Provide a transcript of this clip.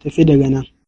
Tafi daga nan!